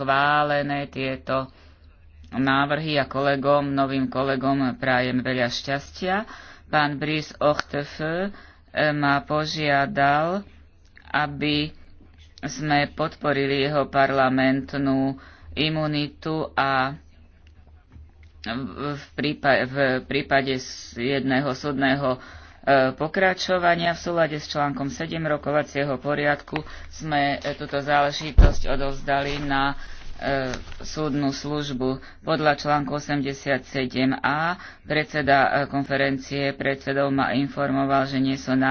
schválené tieto návrhy a kolegom, novým kolegom prajem veľa šťastia. Pán Brice Ochtef eh, ma požiadal, aby sme podporili jeho parlamentnú imunitu a v prípade, v prípade jedného súdneho E, pokračovania v súlade s článkom 7 rokovacieho poriadku sme e, túto záležitosť odovzdali na e, súdnu službu. Podľa článku 87a predseda konferencie predsedov ma informoval, že nie sú